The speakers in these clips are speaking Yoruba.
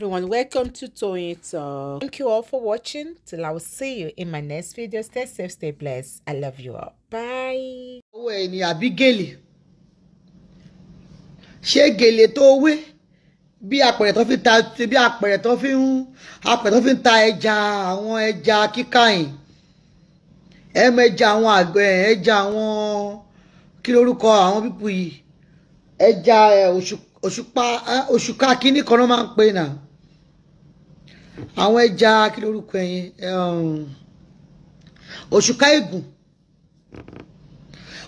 everyone welcome to Toyeen Talks thank you all for watching till i will see you in my next video stay safe stay blessed i love you all bye. owó ẹ̀ ni àbí gèlè ṣé gèlè tó wé bí apẹ̀rẹ̀ tó fi ta bí apẹ̀rẹ̀ tó fi ń apẹ̀rẹ̀ tó fi ń ta ẹja àwọn ẹja kíkàyìn ẹ̀mọ ẹja àwọn àgbẹ̀ ẹja àwọn kí lórúkọ àwọn pípù yìí ẹja òṣùpá òṣùpá kínní kan ló máa ń pè náà àwọn ẹja kí lórúkọ ẹyin òṣùká ègùn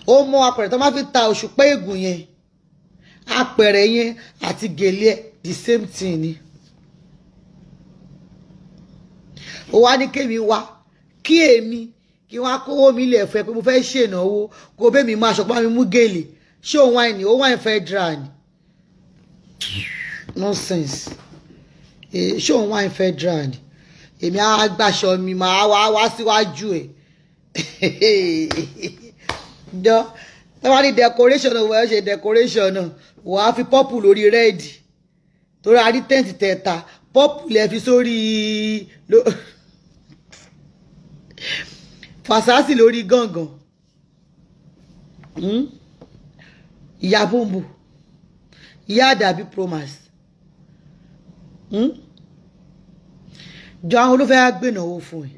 ó mọ apẹ̀rẹ̀ tó máa fi ta òṣùpá ègùn yẹn apẹ̀rẹ̀ yẹn àti gèlè the same thing ni ó wá ní kémi wá kí èmi kí wọ́n á kówó mi ilẹ̀ fẹ́ pé mo fẹ́ ṣènáwó kó bẹ́ẹ̀ mi máa ṣọpá mi mú gèlè ṣé òun wáìnì ó wáìnì fẹ́ dra ni nonsense ṣóun wáìn federal ni èmi á gbàṣọ mi máa wá wá síwájú ẹ̀ jọ tọ́wá ní decoration òun ẹ̀ ṣe decoration náà wọ́n á fi pọ́pù lórí rẹ́ẹ̀dì torí a rí tẹ́ǹtì tẹ̀ta pọ́pù lẹ́ fi sórí fàṣásì lórí gángan hmm? ìyá bòǹbò ìyá àdàbí promise. Hmm? jọ àwọn olófẹ́ á gbé ìnáwó fún ẹ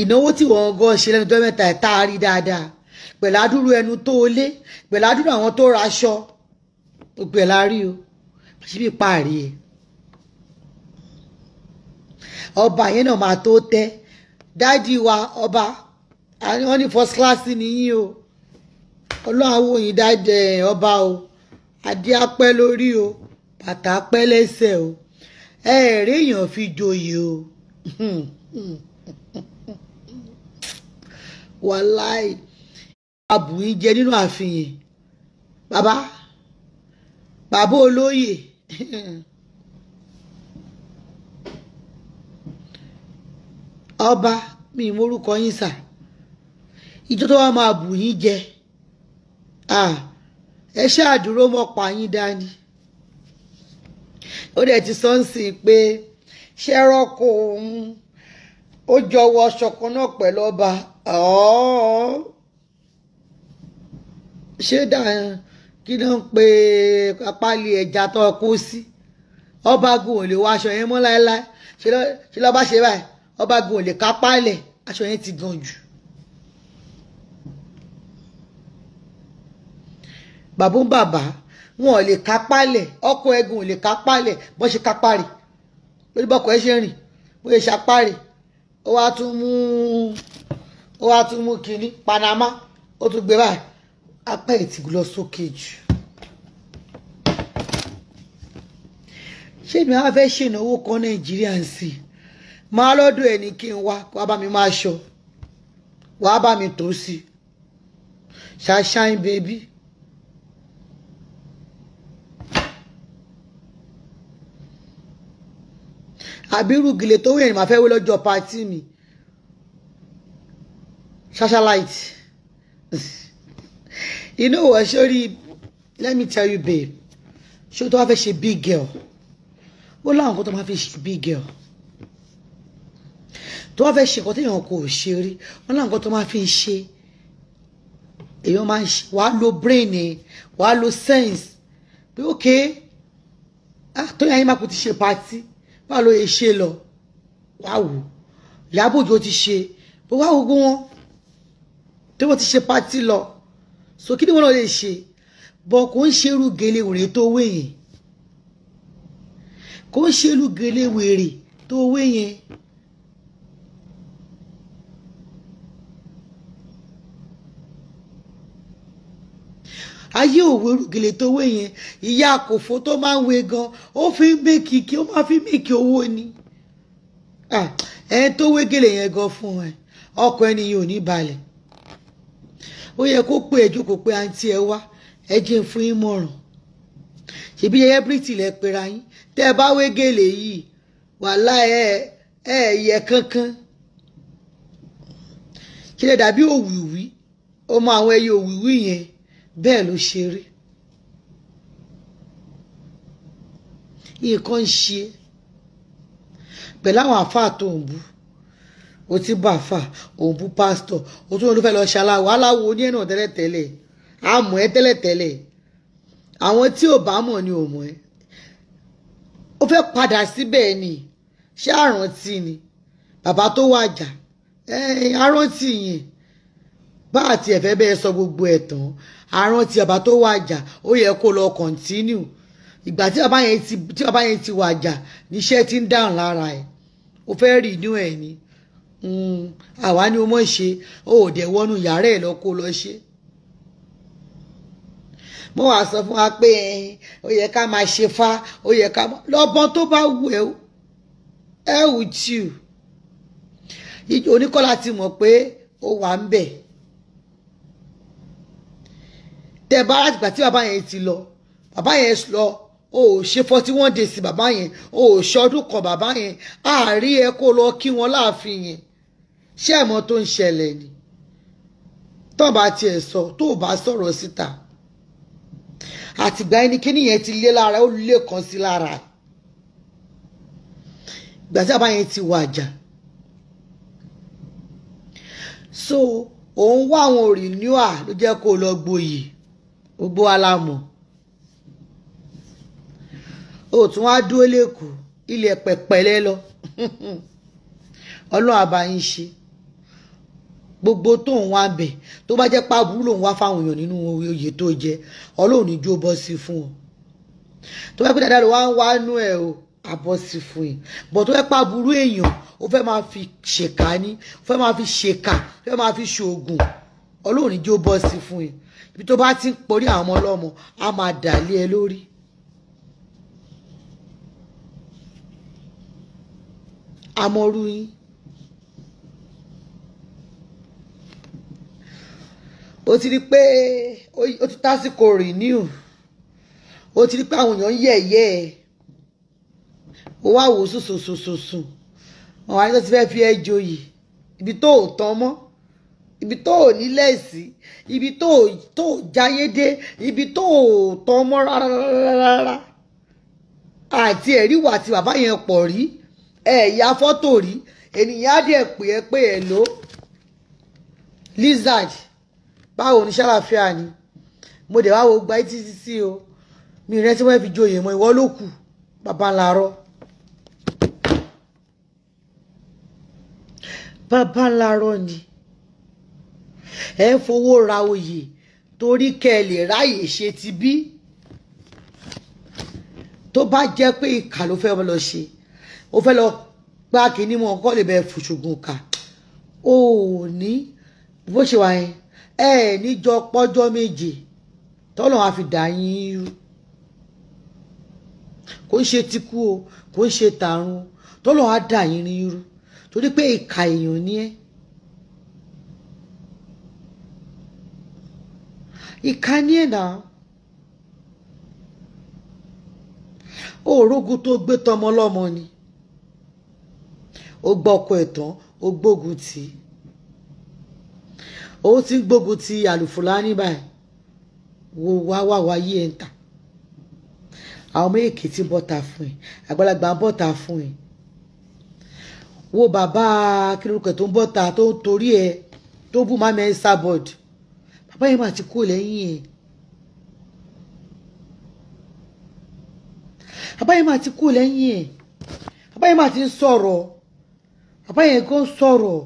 ìnáwó tí wọ́n gan ṣe lẹ́nu tó mẹ́ta ẹ̀ tá a rí dáadáa pẹ̀lú àdúrú ẹnu tó o lé pẹ̀lú àdúrú àwọn tó raṣọ gbogbo ẹ̀ la rí o síbi parí ẹ ọba yẹn náà máa tó tẹ́ dáàdi wa ọba wọ́n ní first class nìyí o ọlọ́run àwọn òyìn dáàdi ọba o adé apẹ́ lórí o bàtà apẹ́ lẹ́sẹ̀ o ẹ èèyàn fi joyè o wàláì àbùí jẹ nínú àfihàn bàbá bàbá olóyè ọba mi morúkọ yín sà ìjọ tó wà máa bù yín jẹ ẹ ṣáà dúró mọ́ pa yín dání ó dẹ̀ ti sọ́nsìn pé ṣẹ́rọ́kọ òun ó jọwọ́ ṣọkan náà pẹ̀lú ọba ṣé dáhùn kí ló ń pe apáli ẹja tó kú sí ọba gun ò lè wọ aṣọ yẹn mọ́ láéláé ṣe lọ́ba ṣe báyìí ọba gun ò lè kápá lẹ̀ aṣọ yẹn ti gan jù. bàbá ń bàbá wọn ò lè kápá lẹ̀ ọkọ̀ ẹ̀gùn ò lè kápá lẹ̀ bọ́n ṣe kápá rè lórí bọ́kọ̀ ẹ ṣe rìn bó ṣe ṣapá rè ó wá tún mú ó wá tún mú kínní Panama ó tún gbé báyìí apá ẹ̀ ti lọ sókè jù. ṣé mi á fẹ́ ṣènáwó kan Nàìjíríà ń sìn máa lọ́dọ̀ ẹ̀ ní kí n wá wàá bá mi máa ṣọ wàá bá mi tó sí ṣàṣàyìn bèbí. àbírú gèlè tó wíyàn máa fẹ́ wé lọ́jọ́ pàtí mi satellite you know what sori let me tell you babe ṣé o tó wá fẹ́ ṣe big girl ó láwọn kan tó máa fi ṣe big girl tó wá fẹ́ ṣe nǹkan téèyàn kò ṣe rí wọn láwọn kan tó máa fi ṣe èèyàn máa ń ṣe wàá lo brain wàá lo sense pé ok ah tóyàn ayé máa kò ti ṣe party wà ló yẹ ṣe lọ wà wù Ìyábọ̀ Òjó ti ṣe bó wà gbogbo wọn tí wọ́n ti ṣe pátí lọ so kí ni wọ́n lọ lè ṣe bọ́ kò ń ṣe irú gèlè wèrè tó wé kò ń ṣe irú gèlè wèrè tó wé ayé òwe gèlè tó wé yẹn ìyá àkòfó tó máa ń wé gan ó fi ń mèkì kí ó máa fi mèkì owó ni ẹ tó wé gèlè yẹn gan fún ẹ ọkọ ẹnìyàn ò ní balẹ̀ ó yẹ kó pé ẹjọ́ kó pé àǹtí ẹ wá ẹ jẹ́ ń fún yín mọ̀ràn ṣèbí yẹyẹ bíríìtì lẹ pera yín tẹ́ ẹ bá wé gèlè yìí wàhálà ẹ ẹ yẹ kankan ṣe lè dàbí òwìwí ọmọ àwọn ẹyẹ òwìwí yẹn bẹ́ẹ̀ ló ṣe rí nǹkan ń ṣe pẹ̀lú àwọn àáfàá tó ń bu o ti bá àáfà òun bu pásítọ̀ o tún olúfẹ́ lọ ṣaláwo aláwo ní ẹ̀nà tẹ́lẹ̀tẹ́lẹ̀ àmọ́ ẹ tẹ́lẹ̀tẹ́lẹ̀ àwọn tí ò bá mọ̀ ni ò mọ̀ ẹ́ ó fẹ́ padà síbẹ̀ ni ṣé àrántí ni bàbá tó wàjà àrántí yẹn bá àti ẹ̀fẹ́ bẹ́ẹ̀ sọ gbogbo ẹ̀ tán àrántí bàbá tó wàjà ó yẹ kó lọ continue ìgbà tí bàbá yẹn ti tí bàbá yẹn ti wàjà níṣẹ́ ti ń dáhùn lára ẹ̀ ó fẹ́ rí inú ẹ̀ ni hmm, àwa ni o mọ̀ ṣe ó ò dẹ̀ wọnú yàrá ẹ̀ lọ kó lọ ṣe mo wàá sọ fún wa pé ó yẹ ká máa ṣe fá ó yẹ ká lọ́bọ́n tó bá wù ẹ́ ẹ́ wù tí ò oníkọ́lá ti mọ̀ pé ó wà ń bẹ̀. tẹ bá láti gbà tí bàbá yẹn ti lọ bàbá yẹn lọ o ò ṣe forty one days bàbá yẹn o ò ṣe ọdún kan bàbá yẹn àárí ẹ kó lọ kí wọn láàfin yẹn ṣé ẹ̀mọ́ tó ń ṣẹlẹ̀ ni tó bá tiẹ̀ sọ tó bá sọ̀rọ̀ síta àtìgbà ẹni kíní yẹn ti lé lára ó lé kan sí lára ìgbà tí bàbá yẹn ti wàjà so òun wá àwọn òrìníwà ló jẹ́ kó lọ gboyè gbogbo wa la mọ̀ o tún wá dúró lẹ́kọ̀ọ́ ilẹ̀ pẹ̀pẹ̀lẹ́ lọ ọlọ́run àbáyín ṣe gbogbo tó ń wá bẹ̀ tó bá jẹ́ pàbùrú lòun wá fáwọn èèyàn nínú oyè tó jẹ ọlọ́run ní jó bọ́ sí fún ọ tó bá pé dáadáa ló wá ń wá nú ẹ o àbọ̀ sí fún ẹ bọ̀ tó bá pàbùrú èèyàn ó fẹ́ máa fi ṣèkà ní ó fẹ́ máa fi ṣèkà ó fẹ́ máa fi ṣoògùn ọlọ́run ní jó bọ́ sí fún ẹ ibi tó bá ti ń porí àwọn ọmọ ọlọ́mọ á máa dà lé ẹ lórí. amọ̀rú yín. ó ti rí pé ó ti tásìkò renew ó ti rí pé àwọn èèyàn ń yẹ̀yẹ́ ẹ̀ ó wá wò sùsùsùsùsùn àwọn àyẹ̀tọ́ ti fẹ́ fi ẹ́ joyè ibi tó ò tán mọ́ ibi tó ò nílẹ̀ sí ibi tó tó jáyé dé ibi tó tán mọ́ rárá àti ẹ̀rí wà tí bàbá yẹn pọ̀ rí ẹ̀yà fọ́tò rí ènìyàn á dẹ̀ pè é pé ẹ̀ ló lizard báwo ní ṣàlàfíà ni mo dẹ̀ wá wo gba etí títí o mi rẹ tí wọ́n fi joyè mọ́ ìwọ ló kù bàbá làárọ̀. bàbá làárọ̀ ni ẹ ń fowó ra oyè torí kẹ́ ẹ lè ráyè ṣe ti bí tó bá jẹ́ pé ìkà ló fẹ́ lọ ṣe ó fẹ́ lọ gbá kínní mọ́ kọ́ lè bẹ́ẹ̀ fòṣùgùn kà ó ní bó ṣe wà yẹn ẹ níjọ pọ́jọ́ méje tọ́lọ̀ á fi dà yín irú kò ń ṣe tikú o kò ń ṣe tààrùn tọ́lọ̀ á dà yín irú torí pé ìkà èèyàn ni ẹ́ ìkànnìẹ̀nà òrógùn tó gbé tọmọ lọ́mọ ni ó gbọ́kọ ẹ̀tàn ó gbógun tì í ó ti ń gbógun ti àlùfùlání báyìí wo wá wá wá yí ẹ̀ ń tà àwọn ọmọ èkì bọ́ta fún ẹ àgbàlagbà bọ́ta fún ẹ wo bàbá kí tó ń bọ́ta tó ń torí ẹ tó bú má mẹ́ sábọ̀dì bàbá yìí mà ti kó lẹ́yìn ẹ̀ bàbá yìí mà ti kó lẹ́yìn ẹ̀ bàbá yìí mà ti ń sọ̀rọ̀ bàbá yẹn gan sọ̀rọ̀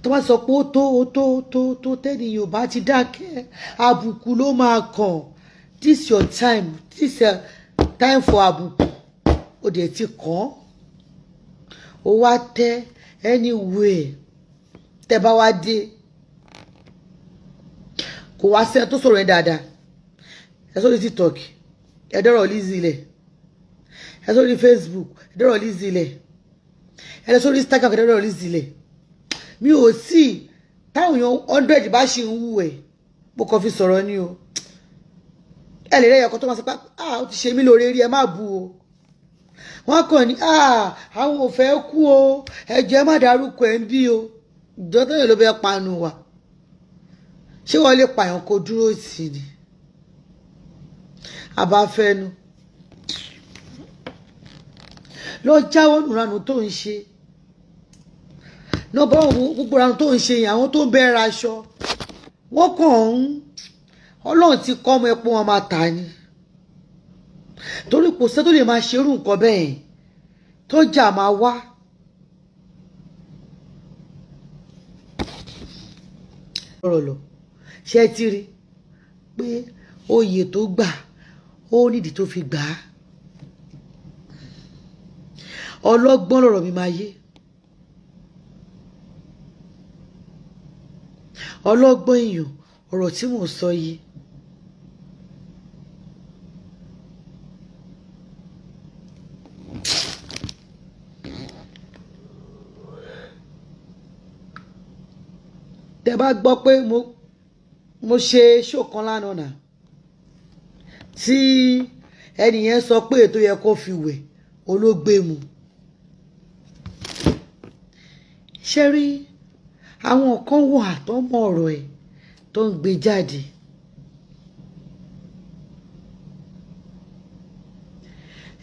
tó bá sọ pé ó tó ó tó ó tó tó tẹ́ni yorùbá ti dákẹ́ àbùkù ló máa kàn this your time this your time for àbùkù ó dẹ̀ ti kàn ó wá tẹ́ anywhere tẹ́ bá wá dé kò wá sẹ́ni tó sọ̀rọ̀ ẹ dáadáa ẹ sórí tiktok ẹ dọ́rọ̀ Lizzy lẹ̀ ẹ sórí facebook ẹ dọ́rọ̀ Lizzy lẹ̀ ẹ sórí instagram ẹ dọ́rọ̀ Lizzy lẹ̀ mi ò sí táwọn èèyàn hundred bá ṣe ń wù ẹ mo kàn fi sọ̀rọ̀ ni o ẹ lè rẹ ẹ̀yọ̀kan tó máa sọ pé ah ó ti ṣe mí lóore rí ẹ má bu o wọ́n kàn ní àwọn ò fẹ́ kú o ẹ jẹ́ má dárúkọ ẹ̀ ń bí o ìjọ tó ló bẹ panu wa ṣé wọ́n lè pààyàn kó dúró tì ní abáfẹ́nu lọ jáwọ́ nùranù tó ń ṣe náà bọ́ọ̀ gbogbo ranù tó ń ṣe yẹn àwọn tó ń bẹ́ẹ̀ raṣọ wọ́n kàn ń ọlọ́run ti kọ́ ọmọ ẹ̀pọ̀ wọn máa tà ni torí kò sẹ́ tó lè máa ṣerú nǹkan bẹ́ẹ̀ tó jà máa wá ọ̀rọ̀ lọ ṣe ti rí pé oyè tó gbà ó nídìí tó fi gbà á ọlọ́gbọ́n lọ̀rọ̀ mi máa yé ọlọ́gbọ́n èèyàn ọ̀rọ̀ tí mò ń sọ yìí tẹ́ bá gbọ́ pé mo mo ṣe show kan lánàá nà tí ẹnìyẹn sọ pé ètò yẹ kó fi wẹ̀ olóògbé mu ṣe rí àwọn kan wà tó mọ ọ̀rọ̀ ẹ̀ tó ń gbé jáde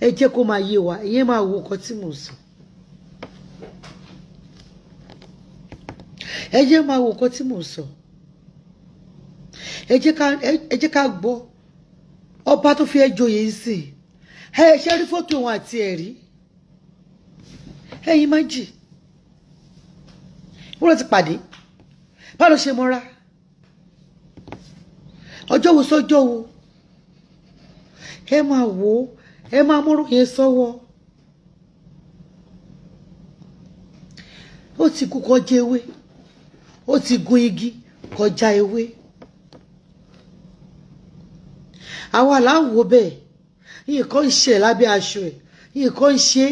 ẹ jẹ́ kó máa yé wa ìyẹn máa wo nǹkan tí mo sọ ẹ jẹ́ máa wo nǹkan tí mo sọ ẹ jẹ́ ká gbọ́ ọba tó fi ẹ joyè sí ẹ ṣe rí fótó wọn àti ẹ̀rí ẹ̀yin má jì wúrọ̀ ti pàdé báwo ṣe mọ́ra ọjọ́ wo sọ́jọ́ wo ẹ máa wò ó ẹ máa múrò yẹn sọ́wọ́ ó ti kú kọjá ewé ó ti gun igi kọjá ewé. àwa làwọ bẹ́ẹ̀ nǹkan ń ṣe lábẹ́ aṣọ ẹ̀ nǹkan ń ṣe.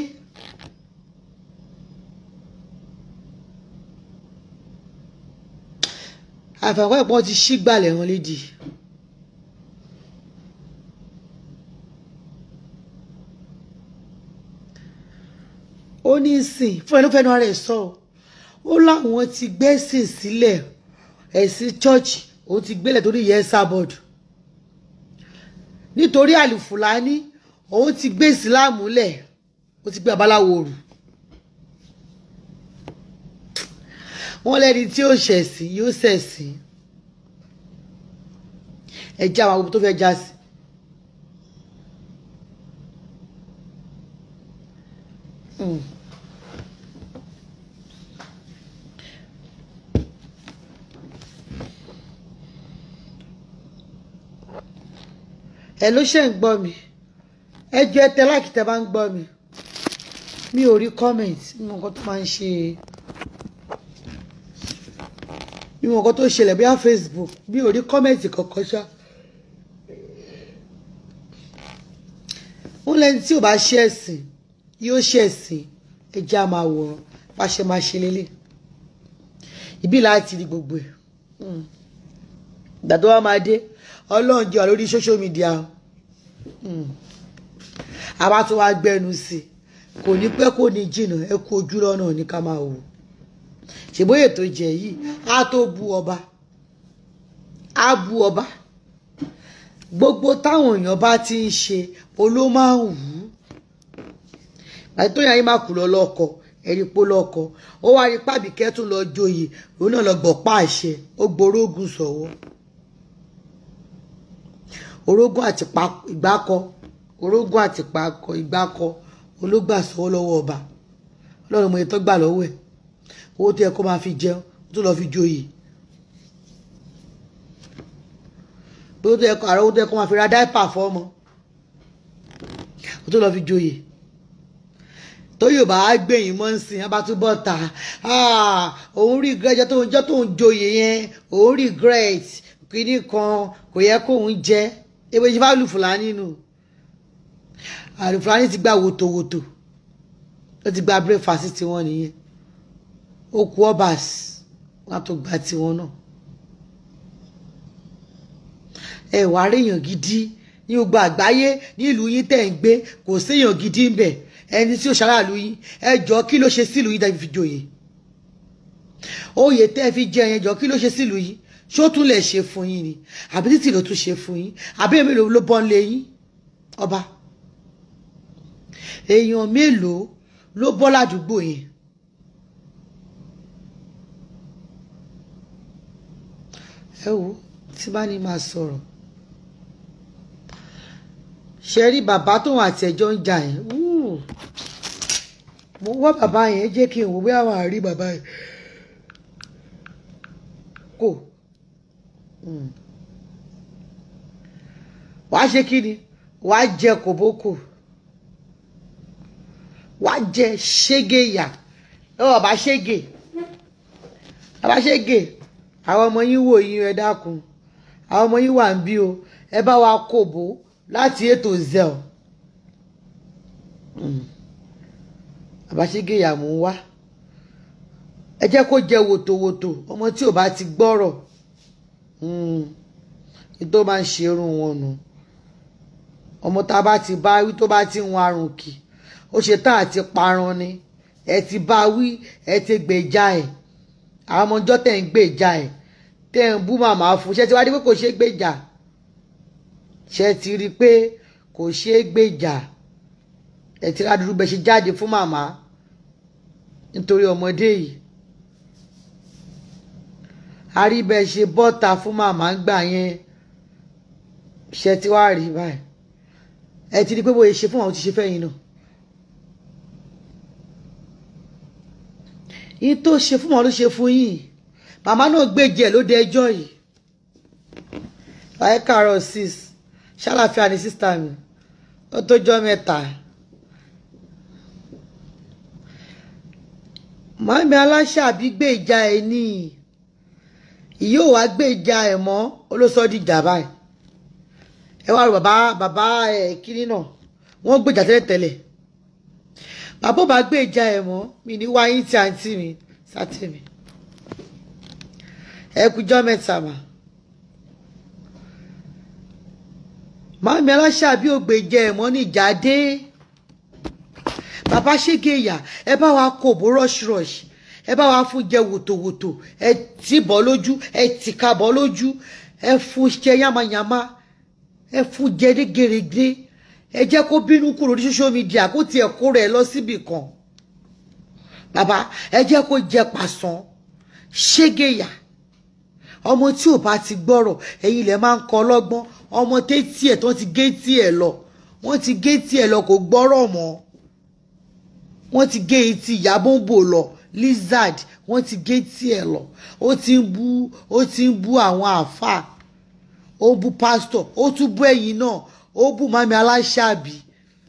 àfàkọ́ ẹ̀pọ̀ ti ṣí gbalẹ̀ wọn lédi. ó ní sìn fún ẹnufẹnu ara ẹ sọ ó láwọn ti gbẹ́sìn sílẹ̀ ẹ̀sìn chọ́ọ̀chì ó ti gbélẹ̀ torí yẹn sábọ̀dù nítorí àlùfùlání òun ti gbé ìsìláàmù lẹ̀ ó ti gbé babaláwo rù wọ́n lẹ́ni tí ó ṣẹ̀sìn yóò ṣẹ̀sìn ẹ̀jẹ̀ àwọn agbègbè tó fẹ́ já sí ẹ ló ṣe ń gbọ́ mi ẹ jọ ẹ tẹ láìkí tẹ bá ń gbọ́ mi mi ò rí comment nínú nǹkan tó máa ń ṣe nínú nǹkan tó ṣẹlẹ̀ bóyá Facebook mi ò rí comment kankan ṣá. ó lẹ́ni tí ò bá ṣe ẹ̀sìn yóò ṣe ẹ̀sìn ẹja máa wòran bá ṣe máa ṣe lélẹ̀ ìbí láti rí gbogbo ẹ̀ hmm. ìgbà tó máa dé ọlọ́run jẹ́ wà lórí social media àbá hmm. tó wá gbẹnu sí kò ní pẹ́ kò ní jìnnà ẹ kú ojú lọ́nà ní ká máa wò ṣèbóyè tó jẹ yìí á tó bu ọba á bu ọba gbogbo táwọn èèyàn bá ti ń ṣe oló máa ń wù ú àti tóyìn ayé máa kù lọ lọkọ ẹni pó lọkọ ó wá rí pàbíkẹ́ tún lọ joyè òun náà lọ gbọ̀pá àṣẹ ó gborógùn sọ̀wọ́. So orógùn àtìpá ìgbákọ orógùn àtìpá ìgbákọ ológbà sọ́wọ́ lọ́wọ́ ọba ọlọ́run mọ̀ ètò gbà lọ́wọ́ ẹ̀ owó tí ẹ kó máa fi jẹun tó lọ́ọ́ fi joyè bó tó yẹ kó àrò owó tó yẹ kó máa fi ra dáìpà fọ́mọ tó lọ́ọ́ fi joyè tóyò bá gbẹ̀yìn mọ́ ń sìn abátúbọ̀ ah, òun regret jẹ́ tóun joyè yẹn òun regret kínní kan kò yẹ kóun jẹ́ ewé ṣe fáwọn olùfúlàní nù olùfúlàní ti gba wòtòwòtò ó ti gba breakfast tiwọn nìyẹn ó kú ọbàs wọn tó gba tiwọn náà ẹ wàá rí èèyàn gidi ní gbogbo àgbáyé ní ìlú yín tẹ̀ ń gbé kò séèyàn gidi ń bẹ̀ ẹni tí ó ṣaráàlú yín ẹ jọ kí ló ṣe sílùú yín tẹ́ fi joyè oyè tẹ́ fi jẹ ẹ̀yẹn jọ kí ló ṣe sílùú yín ṣó tún lè ṣe fún yín ni àbí títì ló tún ṣe fún yín àbí èmi ló bọ́ ń lé yín ọba èèyàn mélòó ló bọ́ ládùúgbò yẹn ẹ wo tí bá ní máa sọ̀rọ̀ ṣe rí bàbá tóun àti ẹjọ́ ń jà yẹn mo wá bàbá yẹn jẹ́ kí n wò bí àwọn àrí bàbá yẹn wàá ṣe kí ni wàá jẹ kòbókò wàá jẹ ṣége yà ọ bá ṣége bá ṣége àwọn ọmọ yín wò yín ẹ dákun àwọn ọmọ yín wà ń bí o ẹ bá wa kòbó láti ètò zell àbáṣégé hmm. ìyàmú ń wá ẹ jẹ́ kó jẹ wòtòwòtò ọmọ tí ò bá ti gbọ́rọ̀. Hmm. tó máa ń ṣerun wọn nu ọmọ tá a bá ti bá wí tó bá ti ń warun kì ó ṣe tá àti parun ni ẹ ti bá wí ẹ ti gbèjà ẹ àwọn ọmọ ọjọ́ tẹ̀ ń gbèjà ẹ tẹ̀ ń bú màmá fún ṣe ti wá rí pé kò ṣeé gbèjà ṣe ti rí pé kò ṣeé gbèjà ẹ ti rádúrú bẹ ṣe jáde fún màmá nítorí ọmọdé yìí àríbẹ̀ ṣe bọ́ta fún màmá ń gbà yẹn ṣe tí wàá rí báyìí ẹ ti di pé bóyá ṣe fún àwọn tí ṣe fẹ́yìn náà yín tó ṣe fún wọn ló ṣe fún yín màmá náà gbèjì ẹ lóde ẹjọ́ yìí láyé kàárọ̀ sis ṣàlàfíà ní sísítà mi ó tó jọ́ mẹ́ta. màmí aláṣà àbí gbèjà ẹ nìyí ìyóò wá gbé ìjà ẹ̀ mọ́ olóṣọ́dì ìjà báyìí ẹ wá rò bàbá bàbá ẹ̀ kínní náà wọ́n gbèjà tẹ́lẹ̀tẹ́lẹ̀ bàbá ò bá gbé ìjà ẹ̀ mọ́ mi ní wáyé tí àǹtí mi sátì mi ẹ kújọ́ mẹ́ta mà màmí aláṣà bí ògbè jẹ ẹ̀ mọ́ ní ìjà dé bàbá ṣége ẹ bá wa kò bó rush ẹ bá wa fún jẹ wòtòwòtò ẹ tì bọ́ lójú ẹ tì ká bọ́ lójú ẹ fún jẹ yamayama ẹ fún jẹ dégèrègé ẹ jẹ́ kó bínú kúrò ní social media kó tiẹ̀ kó rẹ̀ lọ síbì kan bàbá ẹ jẹ́ kó jẹ pàṣán ṣégeyà ọmọ tí ò bá ti gbọ́rọ̀ ẹ̀yin lẹ máa ń kọ́ ọlọ́gbọ́n ọmọ tétí ẹ̀ tó ti gé tí ẹ̀ lọ wọ́n ti gé tí ẹ̀ lọ kò gbọ́rọ̀ mọ́ wọ́n ti gé etí ìyàbọ̀ bò lọ lizard wọ́n ti gé tiẹ̀ lọ ó ti ń bú ó ti ń bú àwọn àáfàá ó bú pásítọ̀ ó tún bú ẹ̀yìn náà ó bú mami aláṣàbí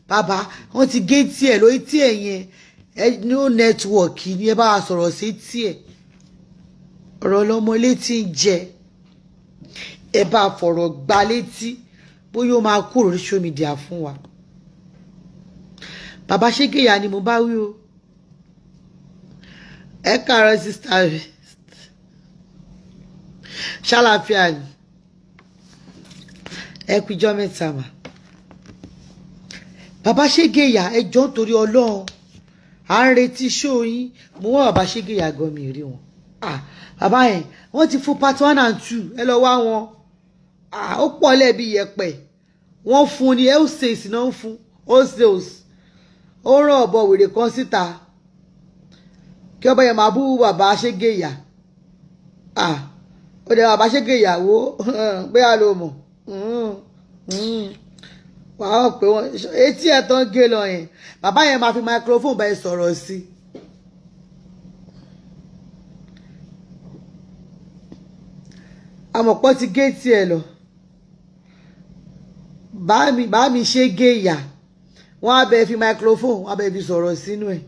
bàbá wọ́n ti gé tiẹ̀ lọ etí ẹ̀ yẹn no network ni ẹ bá wa sọ̀rọ̀ sí tiẹ̀ ọ̀rọ̀ lọmọ létí ń jẹ ẹ bá fọ̀rọ̀ gba létí bóyá ó máa kúrò ní social media fún wa bàbá ṣégeyà ni mo bá wí o ẹ káàárọ̀ sísá mi ṣàlàfíà ni ẹ pijọ́ mẹ́ta mà bàbá ṣégeyà ẹ jọ̀ọ́ nítorí ọlọ́run à ń retí ṣóyin mo wá bàbá ṣégeyà gan mi rí wọn bàbá yẹn wọ́n ti fún part one and two ẹ lọ wá wọn ó pọ̀ lẹ́bi yẹpẹ̀ wọ́n fún ni ẹ ó ṣe ìsìná ń fún ó ṣe ó rán ọ̀bọ wèrè kan síta kí ọba yẹn máa bú bàbá ṣége ah ó dẹ bàbá ṣége ìyàwó bóyá ló mọ̀ hmm, hmm. wàá hàn pé wọn etí ẹ̀ tán gé lọ yẹn bàbá yẹn máa fi microphone bá ẹ sọ̀rọ̀ sí i. àmọ̀pọ̀ ti géètì ẹ̀ lọ bá mi ṣe gé ìyà wọ́n á bẹ fi microphone wọ́n á bẹ fi sọ̀rọ̀ sínú ẹ̀.